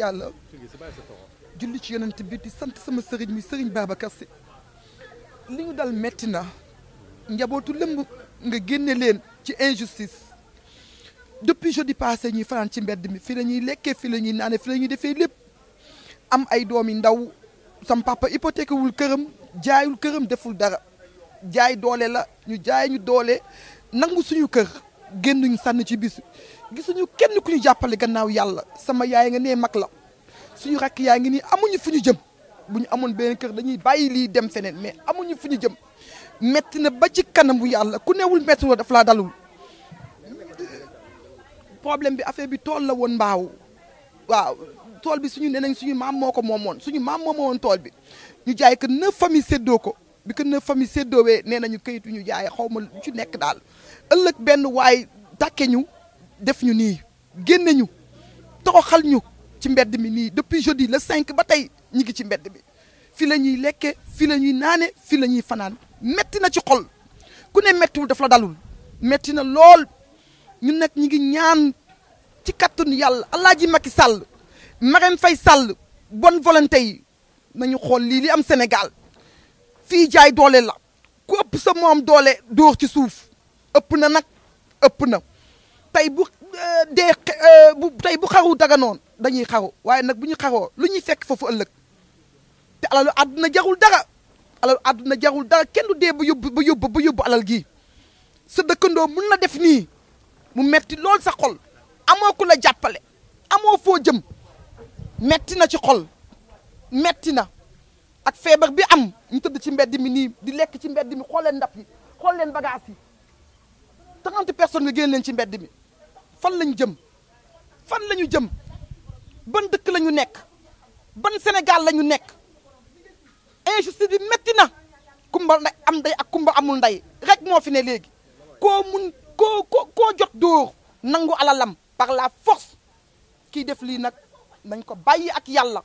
yàlla julli ci yonent bi di sant sama sëriñ mi sëriñ Babacar Sy li ñu dal metti na njabootu lëmb nga génne leen ci injustice depuis jeudi passé ñuy fanaan ci mbedd mi fii la ñuy lekkee fi la ñuy naanee fii la ñuy defee lépp am ay doomi ndaw sam papa hypothèque këram jaayul këram deful dara jaay doole la ñu jaay ñu doole nangu suñu kër génnuñ sànn ci bis gisuñu kenn ku ñu jàppale gannaaw yàlla sama yaay nga nee mag la suñu rakk yaa ngi nii amuñu fu ñu jëm bu ñu amoon benn kër dañuy bàyyi lii dem feneen mais amuñu fu ñu jëm metti na ba ci kanamu yàlla ku newul metti la daf laa dalul problème bi affaire bi tool la woon mbaaw waaw tool bi suñu nee nañ suñu maam moo ko moomoon suñu maam moo moomoon tool bi ñu jaay que neuf famille séddoo ko bi que neuf famille séddoowee nee nañu kayit yu ñu jaay xaw ma ci nekk daal ëllëg benn waay tàkke ñu def ñu nii génne ñu toroxal ñu ci mbedd mi nii depuis jeudi le 5 ba tey ñi ngi ci mbedd mi fi la ñuy lekke fi la ñuy naane fi la ñuy fanaan metti na ci xol ku ne mettiwul daf la dalul metti na lool ñun nag ñi ngi ñaan ci kattanu yàlla Alaaji Macky sàll Marème fay sàll bon volonté yi nañu xool lii li am Sénégal fii jaay doole la ku ëpp sa moom doole dóor ci suuf ëpp na nag ëpp na tey bu euh, dee euh, bu tey bu xaru daga noonu dañuy xaru waaye nag bu ñu xaroo lu ñuy fekk foofu ëllëg te alalu àdduna jarul dara alalu àdduna jarul dara kenn du dee ba yóbbu ba yóbbu alal gi sa dëkkandoo mun na def nii mu metti lool sa xol amoo ku la jàppale amoo foo jëm metti na ci xol metti na ak feebar bi am ñu tëdd ci mbedd mi nii di lekk ci mbeddimi mi xool leen ndab yi xool leen bagages yi trente personnes nga ci mbedd mi fan lañu jëm fan lañu jëm ban dëkk lañu nekk ban Sénégal la ñu nekk injustice bi métti na kumba am ndey ak kumba amul nday rek moo fi ne léegi koo mun koo ko koo jot dóor nangu alalam par la force kiy def lii nag nañ ko bàyyi ak yàlla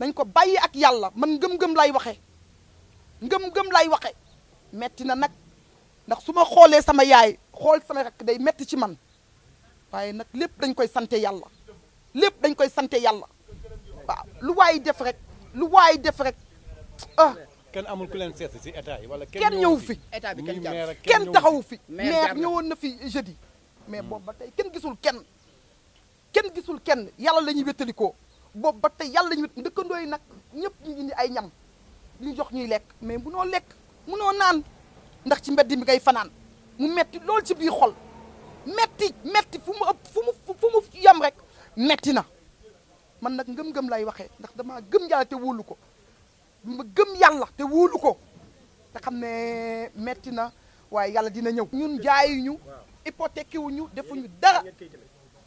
nañ ko bàyyi ak yàlla man ngëm-ngëm lay waxe ngëm-ngëm lay waxe metti na nag ndax su ma xoolee sama yaay xool sama rakk day metti ci man waaye nag lépp dañ koy sante yàlla lépp dañ koy sante yàlla waaw lu waay def rek lu waay def rek ah. kenn amul leen seet si yi wala kenn ñëw fi état bi kenn jàpp kenn taxawu fi. maire ñëwoon na fi jeudi. mais hmm. boobu ba tey kenn gisul kenn kenn gisul kenn yàlla la ñuy wéttalikoo boobu ba tey yàlla la ñuy wét yi nag ñëpp ñu indi ay ñam ñu jox ñuy lekk mais munoo lekk munoo naan ndax ci mbedd mi ngay fanaan mu metti loolu ci biir xol metti metti fu mu ëpp fu mu fu rek. metti na man nag ngëm gëm lay waxee ndax damaa gëm yàlla te wóolu ko ma gëm yàlla te wóolu ko te xam ne metti na waaye yàlla dina ñëw ñun jaayuñu hypothèque wuñu defuñu dara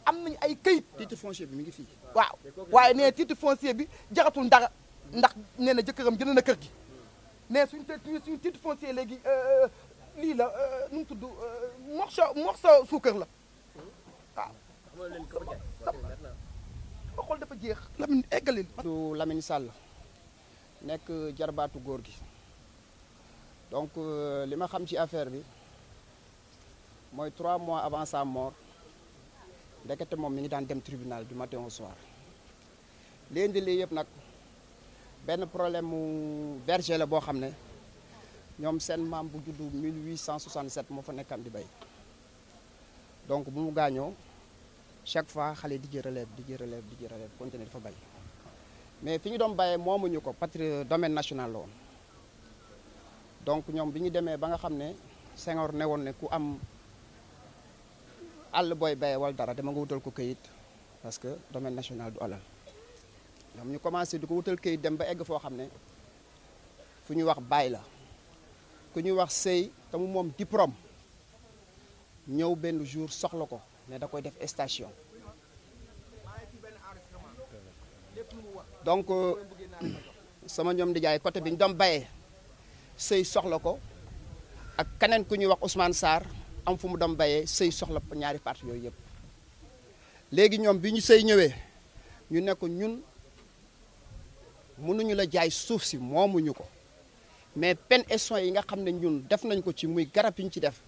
am nañu ay këyit titre foncier bi mi ngi fii waaw waaye nee titre foncier bi jaratul dara ndax nee na jëkkëram jënd na kër gi mais suñ te suñ titre foncier léegi euh, lii la euh, nu mu tudd euh, morceau morceau suukar la waaw ba xool dafa jeex Lamine eggalil du Lamine nekk jarbaatu góor gi donc euh, li ma xam ci affaire bi mooy trois mois avant sa mort ndekete moom mi ngi daan dem tribunal du matin au soir li indi lii yëpp nag benn problème mu berger la boo xam ne ñoom seen maam bu juddu 1867 moo fa nekkam di bay donc bu mu gaañoo chaque fois xale di ji relève di ji relève di ji relève continuer dafa bay mais fi ñu doon bayee moomuñu ko patri domaine national la woon donc ñoom bi ñu demee ba nga xam ne Senghor ne woon ne ku am àll booy bayee wal dara dema nga wutal ko këyit parce que domaine national du alal ñoom ñu commencé di ko wutal këyit dem ba egg foo xam ne fu ñuy wax baay la ku ñuy wax sëy te moom diplôme ñëw benn jour soxla ko ne da koy def station donc euh, sama ñoom di jaay côté bi ñu doon bayee sëy soxla ko ak keneen ku ñuy wax Ousmane Sarr am fu mu doon bayee sëy soxla ñaari parti yooyu yëpp léegi ñoom bi ñu sëy ñëwee ñu ne ñun mun mënuñu la jaay suuf si moomuñu ko mais pen et yi nga xam ne ñun def nañ ko ci muy garab yi ñu ci def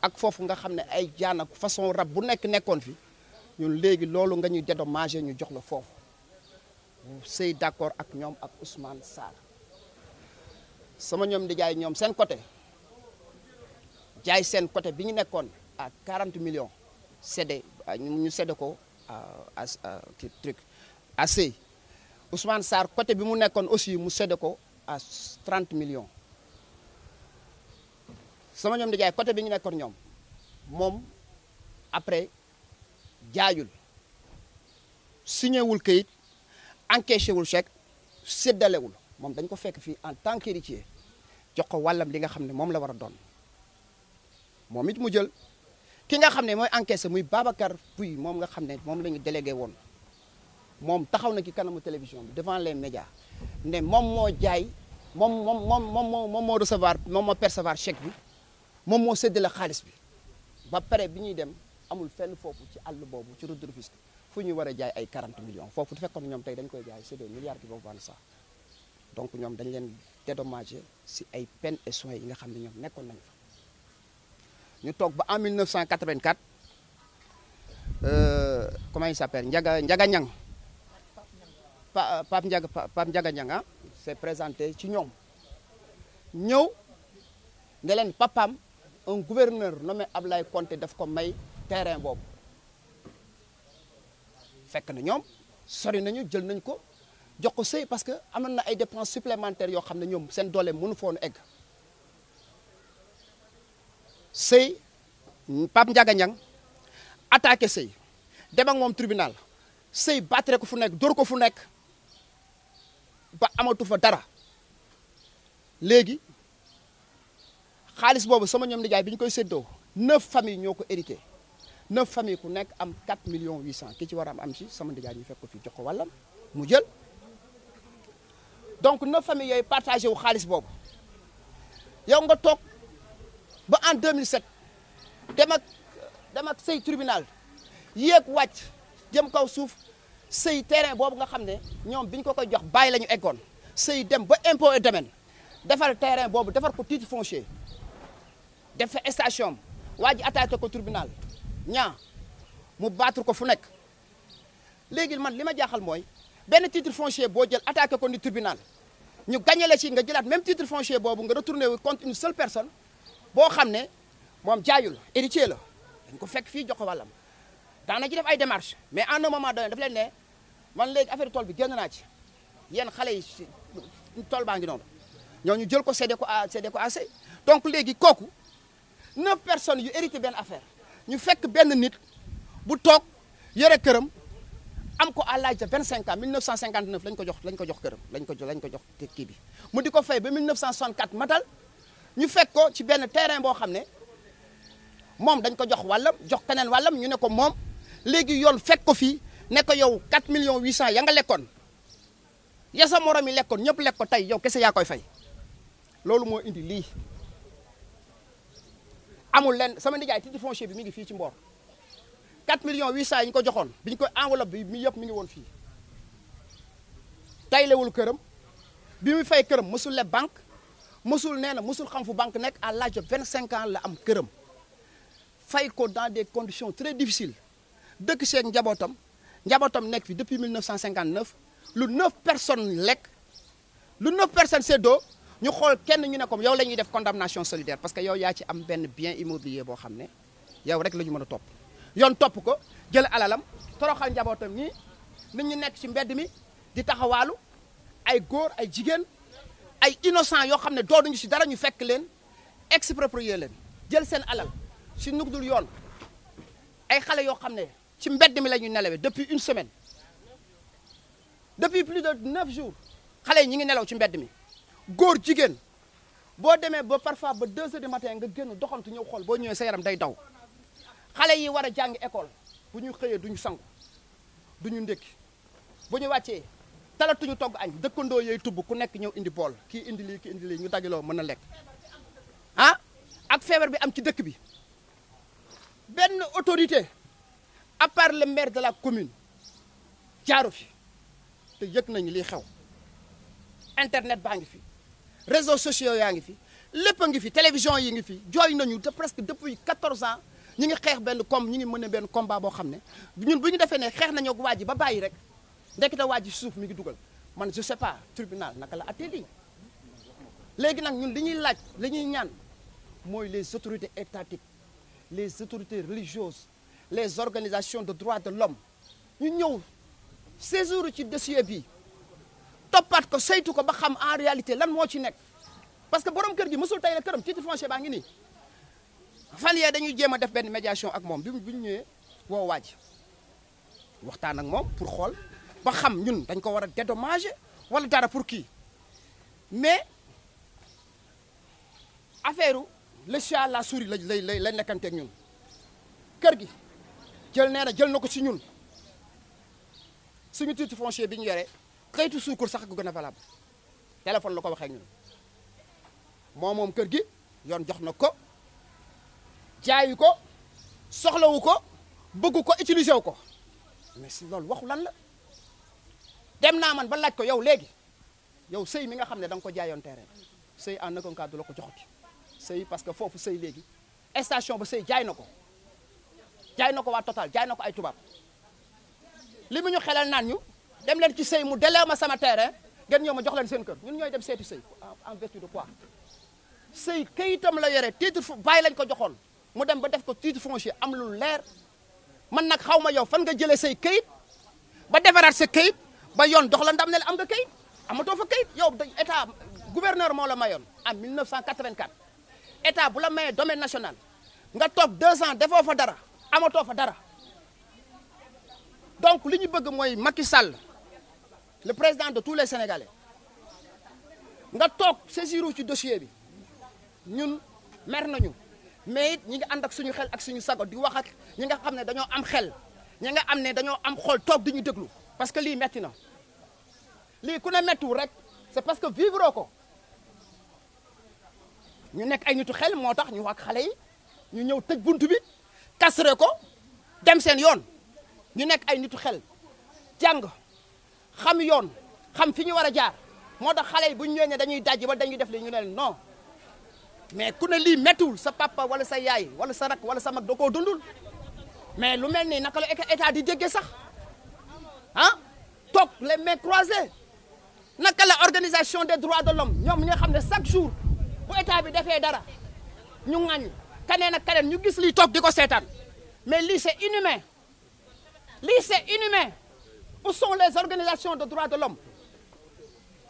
ak foofu nga xam ne ay jaan façon rab bu nekk nekkoon fi ñu léegi loolu nga ñuy dédommagé ñu jox la foofu sëy d'accord ak ñoom ak Ousmane Sarr sama ñoom di jaay ñoom seen côté jaay seen côté bi ñu nekkoon à 40 millions cédé ñu sede ko à à kii truc Sey Ousmane Sarr côté bi mu nekkoon aussi mu cédé ko a 30 millions. sama ñoom di jaay côté bi ñu nekkoon ñoom moom après jaayul signé wul kayit encaissé wul chèque séddalewul moom dañ ko fekk fii en tant qu'héritier jox ko wàllam li nga xam ne moom la war a doon moom it mu jël ki nga xam ne mooy encaissé muy Babacar Pouy moom nga xam ne moom la ñu délégué woon moom taxaw na ci kanamu télévision bi devant leen médias ne moom moo jaay moom moom moom moom moo recevoir moom moo percevoir chèque bi moom moo séddale xaalis bi ba pare bi ñuy dem amul fenn foofu ci àll boobu ci route de Rufisque fu ñu war a jaay ay 40 millions foofu du fekkoon ñoom tey dañ koy jaay c'est des milliards qui vont vendre ça donc ñoom dañ leen dédommagé si ay peines et soins yi nga xam ne ñoom nekkoon nañu fa ñu toog ba en 1984 euh, comment il s'appelle Ndiaga Ndiaga Niang pa euh, Pape Ndiaga Pape Ndiaga Niang ah s'est présenté ci ñoom ñëw ne leen papam un gouverneur nommé Ablaye Conté def ko may terrain boobu fekk na ñoom sori nañu jël nañ ko jox ko sëy parce que amoon na ay dépenses supplémentaires yoo xam ne ñoom seen doole munu foonu egg sëy Pape Ndiaga Niang attaqué sëy dem moom tribunal sëy battre ko fu nekk dóor ko fu nekk ba amatu fa dara léegi xaalis boobu sama ñoom nijaay bi ñu koy séddoo neuf famille ñoo ko hérité neuf familles ku nekk am 4 millions 800 ki ci war am am si sama nijaay ñu fekk ko fii jox ko wàllam mu jël donc neuf familles yooyu partagé wu xaalis boobu yow nga toog ba en 2007 dem ak dem ak sëy tribunal yéeg wàcc jëm kaw suuf sey terrain boobu nga xam ne ñoom bi ko ko koy jox bàyyi la ñu eggoon sëy dem ba impôt et domaine defar terrain boobu defar ko titre foncier def fa station waa ji attaqué ko tribunal ñaa mu battre ko fu nekk léegi man li ma jaaxal mooy benn titre foncier boo jël attaqué ko ni tribunal ñu gagné la ci nga jëlaat même titre foncier boobu nga retourné wu contre une seule personne boo xam ne moom jaayul héritier la dañ ko fekk fii jox ko wàllam daana ci def ay démarches mais en un moment donné daf leen ne man léegi affaire tool bi génn naa ci yéen xale yi tool baa ngi noonu ñoo ñu jël ko séddee ko à séddee ko AC donc léegi kooku. neuf personnes yu hérité benn affaire ñu fekk benn nit bu toog yore këram am ko à l'âge de vingt cinq ans 1959 lañ ko jox lañ ko jox këram lañ ko lañ ko jox te kii bi mu di ko fay ba 1964 matal ñu fekk ko ci benn terrain boo xam ne moom dañ ko jox wàllam jox keneen wàllam ñu ne ko moom léegi yoon fekk ko fii ne ko yow 4 millions 800 ya nga lekkoon ya sa morom yi lekkoon ñëpp lekk ko tey yow kese yaa koy fay loolu moo indi lii amul leen sama nijaay titre foncier bi mi ngi fii ci Mbor 4 millions 800 yi ñu ko joxoon bi ko koy enveloppe bi mi yëpp mi ngi woon fii taylewul këram bi muy fay këram mësul le banque mësul nee na mësul xam fu banque nekk à l'âge de 25 ans la am këram fay ko dans des conditions très difficiles dëkk seeg njabootam njabootam nekk fi depuis mille 1959 lu 9 personnes lekk lu 9 personnes seddoo ñu xool kenn ñu ne comme yow la ñuy def condamnation solidaire parce que yow yaa ci am benn bien immobilier boo xam ne yow rek la ñu mën a topp yoon topp ko jël alalam toroxal njabootam ñii nit ñi nekk ci mbedd mi di taxawaalu ay góor ay jigéen ay innocent yoo xam ne doonuñu ci dara ñu fekk leen exproprier leen jël seen alal ci nu dul yoon ay xale yoo xam ne ci mbedd mi la ñu nelawee depuis une semaine depuis plus de neuf jours xale yi ñu ngi nelaw ci mbedd mi góor jigéen boo demee ba parfois ba 2 heures du matin nga génn doxantu ñëw xool boo ñëwee sa yaram day daw xale yi war a jàng école bu ñu xëyee duñu sangu duñu ndékki bu ñu wàccee talatuñu togg añ dëkkandoo yooyu tubb ku nekk ñëw indi bool kii indi lii kii indi lii ñu dajaloo mën a lekk ah ak feebar bi am ci dëkk bi benn autorité à part le maire de la commune jaaru fi te yëg nañu liy xew internet baa ngi fi réseaux sociaux yaa ngi fi lépp a ngi fi télévision yi ngi fi jooy nañu te presque depuis 14 ans ñi ngi xeex benn com ñi ngi mën a benn combat boo xam ne ñun bu ñu defee ne xeex nañoo ak waa ji ba bàyyi rek ndekete waa ji suuf mi ngi dugal man je sais pas tribunal naka la atte lii léegi nag ñun li ñuy laaj li ñuy ñaan mooy les autorités étatiques les autorités religieuses les organisations de droits de l'homme ñu ñëw séjour ci desier bi toppaat ko saytu ko ba xam en réalité lan moo ci nekk parce que borom kër gi mësul tey la këram titre foncier baa ngi nii fan yee dañuy jéem a def benn médiation ak moom bi bu ñu ñëwee woo waaj waxtaan ak moom pour xool ba xam ñun dañ ko war a dédommager walla dara pour kii mais affaire le chat la souris la la lay lay nekkanteeg ñun kër gi jël nee na jël na ko si ñun suñu titre foncier bi ñu yore. xëytu suukar sax gu gën a valable téléphone la ko waxee ñun moo moom kër gi yoon jox na ko jaayu ko soxlawu ko bëgg ko utiliser wu ko mais si loolu waxu lan la dem naa man ba laaj ko yow léegi yow sëy mi nga xam ne danga ko jaayoon terrain sëy en aucun cas du la ko joxati sëy parce que foofu sëy léegi station ba sëy jaay na ko jaay na ko waa Total jaay na ko ay tubaab li mu ñu xelal naan ñu. dem leen ci sëy mu delee ma sama terrain ngeen ñëw ma jox leen seen kër ñun ñooy dem seeti sëy en vertu de quoi sëy kayitam la yore titre fu bàyyi lañ ko joxoon mu dem ba def ko titre foncier am lu leer man nag xaw ma yow fan nga jëlee say kayit ba defaraat sa kayit ba yoon dox la ndam ne la am ga kayit amatoo fa kayit yow état gouverneur moo la mayoon en 1984 état bu la mayee domaine national nga toog deux ans defoo fa dara amatoo fa dara donc li ñu bëgg mooy Macky Sall le président de tous les sénégalais nga toog saisiru ci dossier bi ñun mer nañu mais it ñi ngi ànd ak suñu xel ak suñu sago di wax ak ñi nga xam ne dañoo am xel ñi nga am ne dañoo am xool toog di ñu déglu parce que lii metti na lii ku ne mettiwul rek c'est parce que vivre ko ñu nekk ay nitu xel moo tax ñu wax xale yi ñu ñëw tëj bunt bi kasre ko dem seen yoon ñu nekk ay nitu xel jàng xam yoon xam fi ñu war a jaar moo tax xale yi bu ñu ñëwee ne dañuy daj ba dañuy def li ñu ne non mais ku ne lii méttiwul sa papa wala sa yaay wala sa rak wala sa mag da dundul mais lu mel ni naka la état di jéggee sax ah toog les mains croisées naka la organisation des droits de l'homme ñoom ñoo xam ne chaque jour bu état bi defee dara ñu ŋàññ kaneen ak kaneen ñu gis lii toog di ko seetaan mais lii c'est inhumain lii c'est inhumain où sont les organisations de droits de l'homme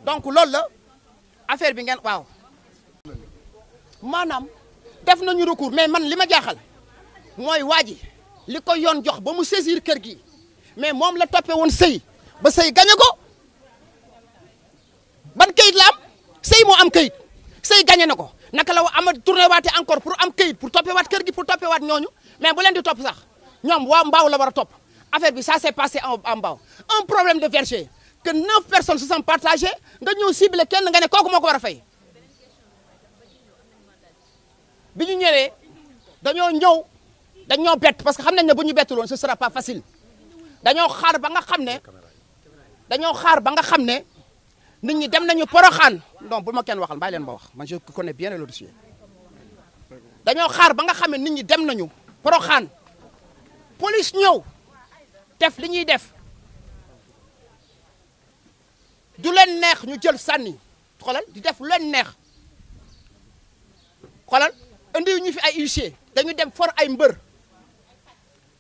donc loolu la affaire bi ngeen waaw maanaam def na ñu recours mais man li ma jaaxal mooy waa ji li ko yoon jox ba mu saisir kër gi mais moom la toppee woon sëy ba sëy gañe ko ban kayit la am sëy moo am kayit sëy gañe na ko naka la ama tourné waate encore pour am kayit pour toppee waat kër gi pour toppee waat ñooñu mais bu leen di topp sax ñoom waa mbaaw la war a topp affaire bi sa s'est passé en en un problème de verger que neuf personnes se sont nga ñëw ciblé kenn nga ne kooku moo ko war a fay bi ñu ñëwee dañoo ñëw dañoo bett parce que xam nañ ne bu ñu bettuloon ce sera pas facile dañoo xaar ba nga xam ne dañoo xaar ba nga xam ne nit ñi dem nañu poroxaan non bu ma kenn waxal bàyyi leen ma wax man je connais bien le dossier dañoo xaar ba nga xam nit ñi dem nañu poroxaan police ñëw def li ñuy def du leen neex ñu jël sànni xoolal di def lu leen neex xoolal indi ñu fi ay huissier dañu def for ay mbër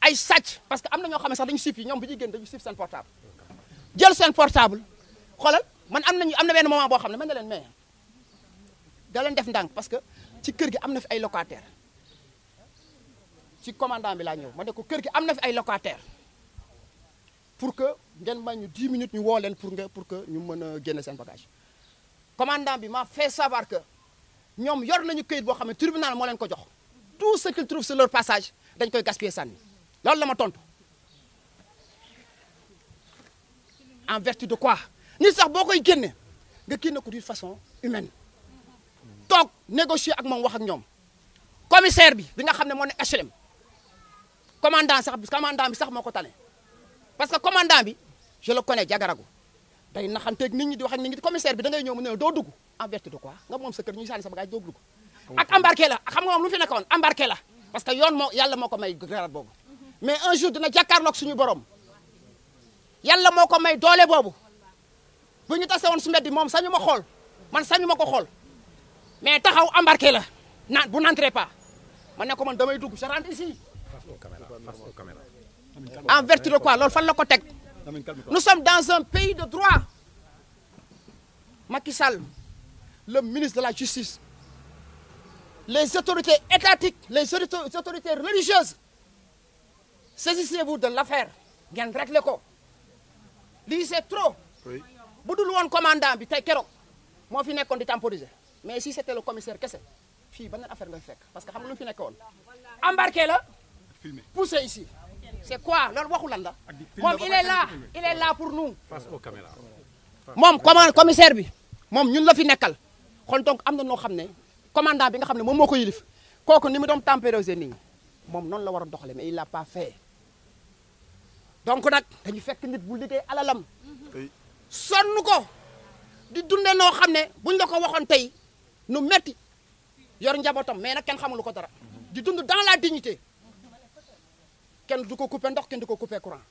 ay sàcc parce que am na ñoo xam ne sax dañu sif yi ñoom bu ñuy génn dañu sif seen portable jël seen portable xoolal man am nañu am na benn moment boo xam ne mën na leen mais da leen def ndànk parce que ci kër gi am na fi ay locataire ci commandant bi laa ñëw ma ne ko kër gi am na fi ay locataire pour que ngeen ma ñu 10 minutes ñu woo leen pour nga pour que ñu mën a génne seen bagage commandant bi m'a fait savoir que ñoom yor nañu kayit boo xam ne tribunal moo leen ko jox tout ce qu'ils trouvent sur leur passage dañ koy gaspiller sànni loolu la ma tontu en vertu de quoi ñu sax boo koy génne nga génne ko d'une façon humaine toog négocier ak moom wax ak ñoom commissaire bi bi nga xam ne moo ne HLM commandant sax commandant bi sax moo ko tane parce que commandant bi je le connais jagaragu day naxanteeg nit ñi di wax ak nit ñi commissaire bi da ngay ñëw mu ne doo dugg en vertu de quoi nga moom sa kër ñuy sànni sa bagage doo dugg ak embarqué la xam nga moom lu mu fi nekkoon embarqué la parce que yoon moo yàlla moo ko may garat boobu mais un jour dina jàkkaarloog suñu borom yàlla moo ko may doole boobu bu ñu tase woon su mbedd moom sañu ma xool man sañu ma ko xool mais taxaw embarqué la naan bu n'entrez pas man ne ko man damay dugg je rentre ici en vertu de quoi loolu fan la ko teg nous sommes dans un pays de droit Macky Sall le ministre de la justice les autorités étatiques les autorités religieuses saisissez-vous de l'affaire ngeen le ko lii c'est trop bu dul woon commandant bi tey keroog moo fi nekkoon di temporiser mais si c'était le commissaire kese fii beneen affaire ngay fekk parce que xam nga fi nekkoon embarqué la c'est quoi loolu waxu landa la moom il est là il pour nous moom commande commissaire bi moom ñun la fi nekkal kon donc am na noo xam ne commandant bi nga xam ne moom moo ko yilif kooku ni mu doon tempérose nit ñi moom noonu la war a doxale mais il l'a pas nag dañu fekk nit bu liggéey alalam sonn ko di dunde noo xam ne buñ la ko waxoon tey nu metti yor njabootam mais nag kenn xamul ko dara di dund dans la dignité kenn du ko coupé ndox kenn du ko coupé courant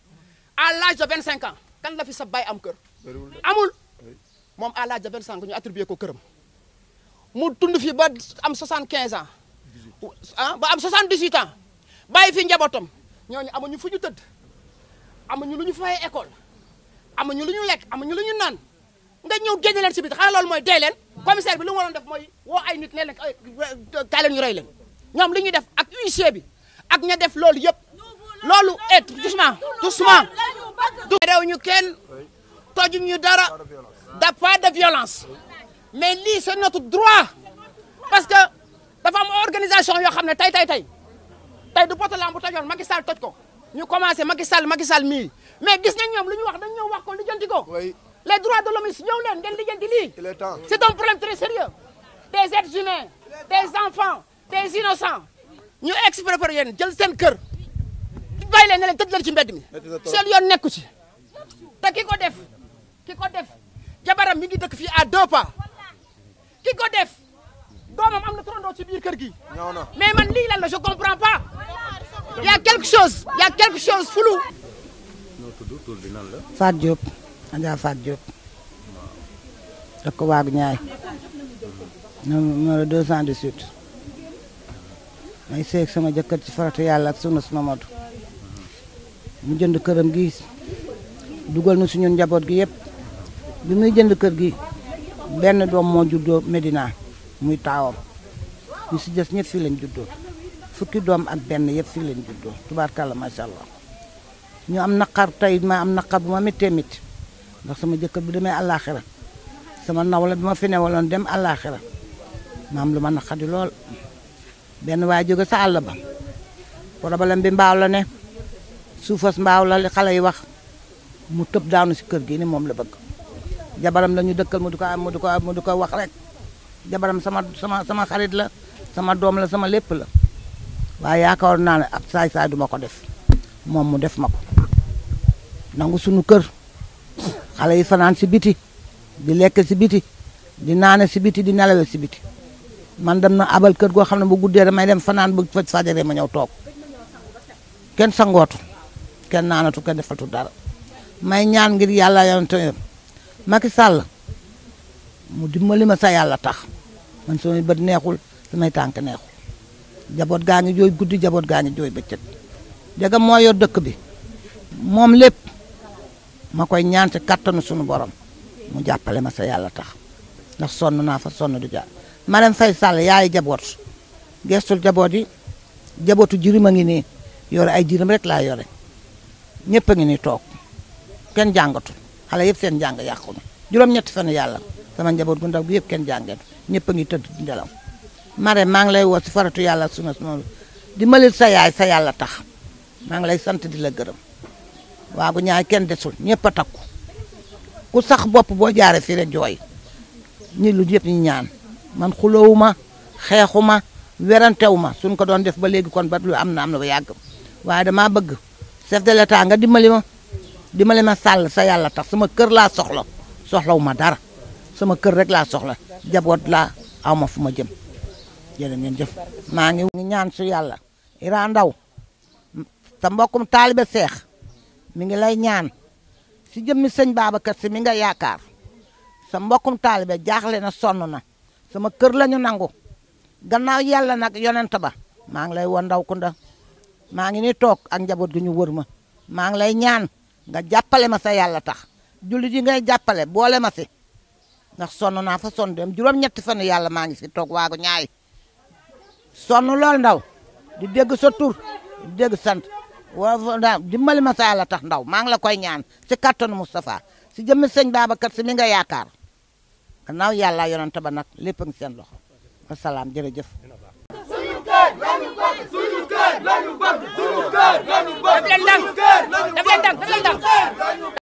à l'âge de 25 ans kan la fi sa baay am kër. amul moom à l'âge de 25 ans ñu attribué ko këram mu tund fi ba am 75 ans. ah ba am 78 ans bàyyi fi njabootam ñooñu amuñu fu ñu tëdd am amuñu lu ñu fayee école amuñu lu ñu lekk amuñu lu ñu naan nga ñëw génne leen si biir xanaa mooy dee leen. commissaire bi lu mu def mooy woo ay nit ne leen ay ñu rey leen ñoom li ñu def ak huissier bi ak ña def loolu yëpp. loolu et doucement doucement réew ñu kenn tojuñ ñu dara da pas de violence mais lii c'est notre droit parce que dafa am organisation yoo xam ne tey tey tey tey du potalam bu tojoon Macky toj ko ñu commencé Macky Sall Macky Sall mii mais gis nañ ñoom lu ñu wax dañ ñëw wax ko lijjanti ko les droits de l'homme ñëw leen ngeen lijjanti lii c'est un problème très sérieux des êtres humains des enfants des innocents ñu exproprié jël seen kër bàyyi leen ne ci mbedd mi seen yoon nekku ci te ki ko def jabaram mi ngi dëkk fii à deux ki ko def doomam am na torondoo ci biir kër gi mais man lii la je comprends pas il y quelque chose il quelque chose flou noo tudd tur bi nan la Fat Diop Adja Fat Diop dëkk waagu ñaay numéro deux cent dix-huit may sama jëkkër ci faratu yàlla ak sunu sunu motu mu jënd këram gi dugal na suñu njaboot gi yëpp bi muy jënd kër gi benn doom moo juddoo Medina muy taawam ñu si des ñëpp fii lañ juddoo fukki doom ak benn yëpp fii leen juddoo tubaar tubaarkàlla macha allah ñu am naqar tey ma am naqar bu ma méttee métti ndax sama jëkkër bu demee àllaaxira sama nawla bi ma fi newaloon dem àllaaxira ma am lu ma naqadi lool benn waa jóge sa àll ba problème bi mbaaw la ne. suufas mbaaw la li xale yi wax mu tëb daanu si kër gi ni moom la bëgg jabaram la dëkkal mu di ko mu di ko wax rek jabaram sama sama sama xarit la sama doom la sama lépp la waaye yaakaar naa ne ab saaj saay du ma ko def moom mu def ma ko nangu sunu kër xale yi fanaan si biti di lekk si biti di naane si biti di nelawe si biti man dem na abal kër goo xam ne bu guddee may dem fanaan bu faj fajaree ma ñëw toog kenn sangootu kenn naanatu kenn defatu dara may ñaan ngir yàlla yonent Macky Sall mu dimbali ma sa yàlla tax man samay bët neexul samay tànk neexul jaboot gaa ngi jooy guddi jaboot gaa ngi jooy bëccëg jagam moo dëkk bi moom lépp ma koy ñaan ci sunu borom mu jàppale ma sa yàlla tax ndax sonn naa fa sonn du jaar Marème Faye Sall yaay jaboot gestul jaboot yi jabootu jirim a ngi nii yore ay jirim rek laa yore ñëpp a ngi ni toog kenn jàngatu xale yëpp seen jàng yàqu na juróom-ñetti fan yàlla sama njaboot gu ndaw bi yëpp kenn jàngeetu ñëpp ngi tëdd di nelaw mare maa ngi lay woo si faratu yàlla suna noonu di malil sa yaay sa yàlla tax maa ngi lay sant di la gërëm waa gu ñaay kenn desul ñëpp a takku ku sax bopp boo jaaree fii rek jooy ñi lu yëpp ñu ñaan man xulowuma xeexuma werantewu ma suñ ko doon def ba léegi kon ba lu am na am na ba yàgg waaye damaa bëgg chef de l'état nga dimbali ma dimbali ma sàll sa yàlla tax sama kër laa soxla soxlawu ma dara sama kër rek laa soxla jaboot laa aw ma fu ma jëm jërë ngeen jëf maa ngi ñaan su yàlla Ira Ndaw sa mbokkum taalibe seex mi ngi lay ñaan si jëmmi sëñ Babacar si mi nga yaakaar sa mbokkum taalibe jaaxle na sonn na sama kër la ñu nangu gannaaw yàlla nag yonent ba maa ngi lay woo Ndaw Kounda maa ngi ni toog ak njaboot gi ñu wër ma maa ngi lay ñaan nga jàppale ma sa yàlla tax jullit ji ngay jàppale boole ma si ndax sonn naa fa sonn dem juróom-ñetti fan yàlla maa ngi si toog waago ñaay sonn lool ndaw di dégg sa tur di dégg sant waaw dimbali ma sa yàlla tax ndaw maa ngi la koy ñaan si kattanu Moustapha si jëmmi sëñ Babacar si mi nga yaakaar gannaaw yàlla yonent ba nag lépp a ngi seen loxo wasalaam lañu bëgg suñu kër lañu bëgg suñu kër lañu bëgg suñu kër